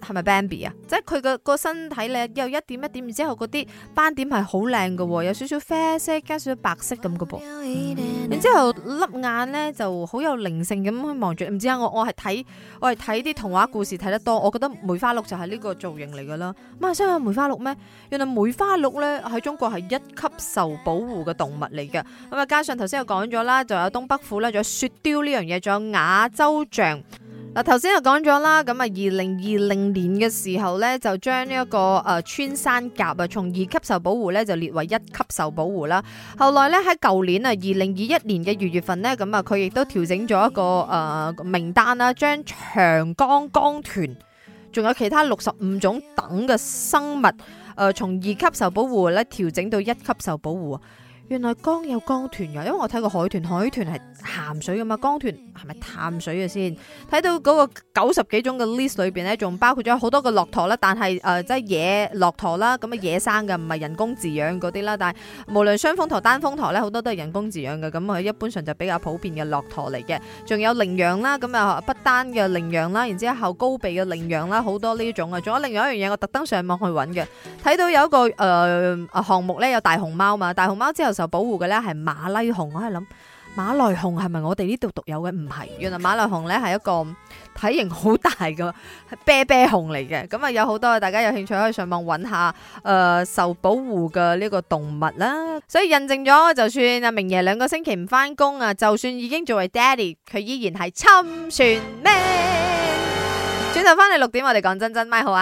係咪 Bambi 啊？是是即係佢個個身體咧又一點一點，然之後嗰啲斑點係好靚嘅，有少少啡色加少少白色咁嘅噃。嗯、然之後粒眼咧就好有靈性咁去望住。唔知啊，我我係睇我係睇啲童話故事睇得多，我覺得梅花鹿就係呢個造型嚟噶啦。咁啊，所以係梅花鹿咩？原來梅花鹿咧喺中國係一級受保護嘅動物嚟嘅。咁啊，加上頭先我講咗啦，就有東北虎啦，仲有雪雕呢樣嘢，仲有亞洲象。嗱，頭先就講咗啦，咁啊，二零二零年嘅時候咧，就將呢一個誒穿山甲啊，從二級受保護咧就列為一級受保護啦。後來咧喺舊年啊，二零二一年嘅二月份呢，咁啊，佢亦都調整咗一個誒名單啦，將長江江豚，仲有其他六十五種等嘅生物，誒從二級受保護咧調整到一級受保護。原來江有江豚噶，因為我睇過海豚，海豚係鹹水噶嘛，江豚係咪淡水嘅先？睇到嗰個九十幾種嘅 list 裏邊呢，仲包括咗好多個駱駝啦，但係誒、呃、即係野駱駝啦，咁啊，野生嘅，唔係人工飼養嗰啲啦。但係無論雙峰駝、單峰駝咧，好多都係人工飼養嘅。咁啊，一般上就比較普遍嘅駱駝嚟嘅。仲有羚羊啦，咁啊不單嘅羚羊啦，然之後高鼻嘅羚羊啦，好多呢一種啊。仲有另外一樣嘢，我特登上網去揾嘅，睇到有一個誒、呃、項目咧，有大熊貓嘛，大熊貓之後受保護嘅咧係馬來熊，我喺度諗馬來熊係咪我哋呢度獨有嘅？唔係，原來馬來熊咧係一個體型好大嘅係啤啤熊嚟嘅，咁啊有好多大家有興趣可以上網揾下誒、呃、受保護嘅呢個動物啦，所以印證咗，就算阿明爺兩個星期唔翻工啊，就算已經作為爹哋，佢依然係侵船。咩？轉頭翻嚟六點，我哋講真真，咪好啊。